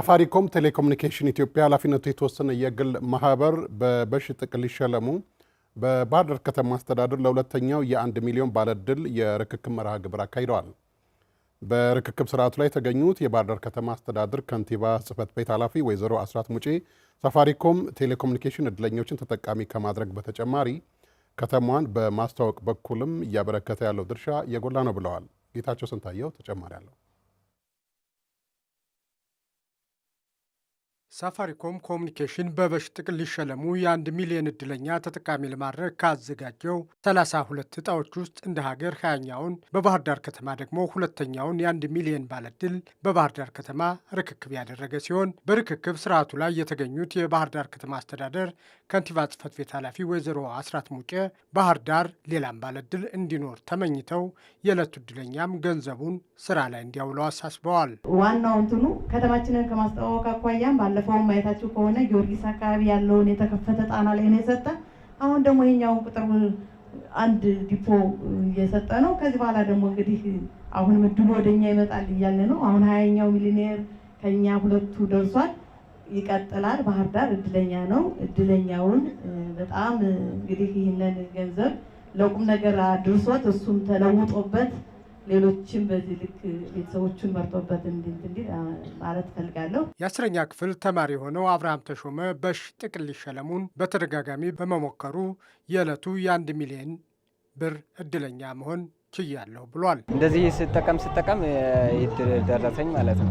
ሳፋሪኮም ቴሌኮሙኒኬሽን ኢትዮጵያ ኃላፊነቱ የተወሰነ የግል ማህበር በበሽ ጥቅል ሊሸለሙ በባህር ዳር ከተማ አስተዳደር ለሁለተኛው የአንድ ሚሊዮን ባለድል የርክክብ መርሃ ግብር አካሂደዋል። በርክክብ ስርዓቱ ላይ የተገኙት የባህር ዳር ከተማ አስተዳደር ከንቲባ ጽህፈት ቤት ኃላፊ ወይዘሮ አስራት ሙጬ ሳፋሪኮም ቴሌኮሙኒኬሽን እድለኞችን ተጠቃሚ ከማድረግ በተጨማሪ ከተማዋን በማስተዋወቅ በኩልም እያበረከተ ያለው ድርሻ የጎላ ነው ብለዋል። ጌታቸው ስንታየው ተጨማሪ አለው። ሳፋሪኮም ኮሚኒኬሽን በበሽ ጥቅል ሊሸለሙ የአንድ ሚሊዮን እድለኛ ተጠቃሚ ለማድረግ ካዘጋጀው 32 እጣዎች ውስጥ እንደ ሀገር ሀያኛውን በባህር ዳር ከተማ ደግሞ ሁለተኛውን የአንድ ሚሊዮን ባለድል በባህር ዳር ከተማ ርክክብ ያደረገ ሲሆን በርክክብ ስርዓቱ ላይ የተገኙት የባህር ዳር ከተማ አስተዳደር ከንቲባ ጽህፈት ቤት ኃላፊ ወይዘሮ አስራት ሙጬ ባህር ዳር ሌላም ባለድል እንዲኖር ተመኝተው የዕለቱ እድለኛም ገንዘቡን ስራ ላይ እንዲያውለው አሳስበዋል። ዋናው እንትኑ ከተማችንን ከማስተዋወቅ አኳያም ባለፈውን ማየታችሁ ከሆነ ጊዮርጊስ አካባቢ ያለውን የተከፈተ ጣና ላይ ነው የሰጠ። አሁን ደግሞ ይሄኛውን ቁጥር አንድ ዲፖ እየሰጠ ነው። ከዚህ በኋላ ደግሞ እንግዲህ አሁን ምድቡ ወደኛ ይመጣል እያለ ነው። አሁን ሀያኛው ሚሊኔር ከኛ ሁለቱ ደርሷል፣ ይቀጥላል። ባህር ዳር እድለኛ ነው። እድለኛውን በጣም እንግዲህ ይህንን ገንዘብ ለቁም ነገር አድርሶት እሱም ተለውጦበት ሌሎችም በዚህ ልክ ቤተሰቦቹን መርጦበት እንዲት እንዲል ማለት ፈልጋለሁ። የአስረኛ ክፍል ተማሪ የሆነው አብርሃም ተሾመ በሽ ጥቅል ሸለሙን በተደጋጋሚ በመሞከሩ የዕለቱ የአንድ ሚሊዮን ብር እድለኛ መሆን ችያለሁ ብሏል። እንደዚህ ስጠቀም ስጠቀም ደረሰኝ ማለት ነው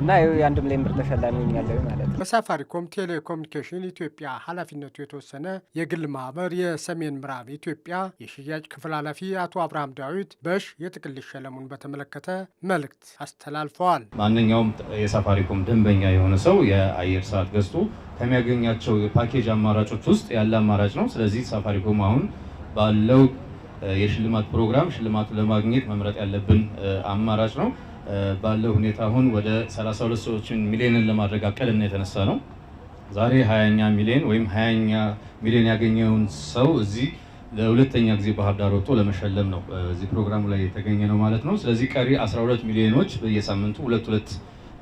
እና የአንድ ሚሊዮን ብር ተሸላሚ ያለው ማለት ነው። በሳፋሪኮም ቴሌኮሙኒኬሽን ኢትዮጵያ ኃላፊነቱ የተወሰነ የግል ማህበር የሰሜን ምዕራብ ኢትዮጵያ የሽያጭ ክፍል ኃላፊ አቶ አብርሃም ዳዊት በሽ የጥቅል ሸለሙን በተመለከተ መልእክት አስተላልፈዋል። ማንኛውም የሳፋሪኮም ደንበኛ የሆነ ሰው የአየር ሰዓት ገዝቶ ከሚያገኛቸው የፓኬጅ አማራጮች ውስጥ ያለ አማራጭ ነው። ስለዚህ ሳፋሪኮም አሁን ባለው የሽልማት ፕሮግራም ሽልማቱን ለማግኘት መምረጥ ያለብን አማራጭ ነው። ባለው ሁኔታ አሁን ወደ 32 ሰዎችን ሚሊዮንን ለማድረግ አቅደን የተነሳ ነው። ዛሬ 20ኛ ሚሊዮን ወይም 20ኛ ሚሊዮን ያገኘውን ሰው እዚህ ለሁለተኛ ጊዜ ባህር ዳር ወጥቶ ለመሸለም ነው እዚህ ፕሮግራሙ ላይ የተገኘ ነው ማለት ነው። ስለዚህ ቀሪ 12 ሚሊዮኖች በየሳምንቱ ሁለት ሁለት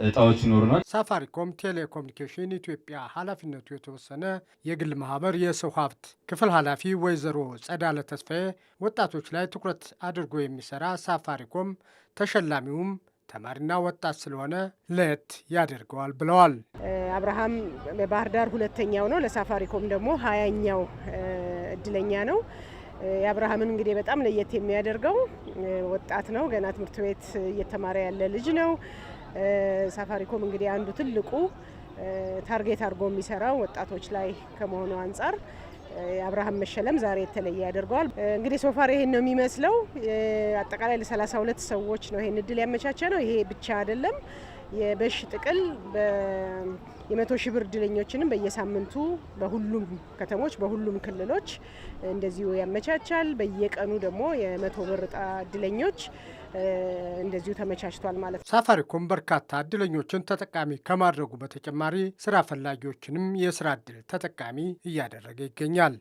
እጣዎች ይኖሩናል። ሳፋሪኮም ቴሌኮሙኒኬሽን ኢትዮጵያ ኃላፊነቱ የተወሰነ የግል ማህበር የሰው ሀብት ክፍል ኃላፊ ወይዘሮ ጸዳለ ተስፋዬ ወጣቶች ላይ ትኩረት አድርጎ የሚሰራ ሳፋሪኮም ተሸላሚውም ተማሪና ወጣት ስለሆነ ለየት ያደርገዋል ብለዋል። አብርሃም በባህር ዳር ሁለተኛው ነው። ለሳፋሪኮም ደግሞ ሀያኛው እድለኛ ነው። የአብርሃምን እንግዲህ በጣም ለየት የሚያደርገው ወጣት ነው። ገና ትምህርት ቤት እየተማረ ያለ ልጅ ነው። ሳፋሪኮም እንግዲህ አንዱ ትልቁ ታርጌት አድርጎ የሚሰራው ወጣቶች ላይ ከመሆኑ አንጻር አብርሃም መሸለም ዛሬ የተለየ ያደርገዋል። እንግዲህ ሶፋር ይሄን ነው የሚመስለው። አጠቃላይ ለ32 ሰዎች ነው ይሄን እድል ያመቻቸ ነው። ይሄ ብቻ አይደለም። የበሽ ጥቅል የመቶ ሺህ ብር እድለኞችንም በየሳምንቱ በሁሉም ከተሞች በሁሉም ክልሎች እንደዚሁ ያመቻቻል። በየቀኑ ደግሞ የመቶ ብር እጣ እድለኞች እንደዚሁ ተመቻችቷል ማለት ነው። ሳፋሪኮም በርካታ እድለኞችን ተጠቃሚ ከማድረጉ በተጨማሪ ስራ ፈላጊዎችንም የስራ እድል ተጠቃሚ እያደረገ ይገኛል።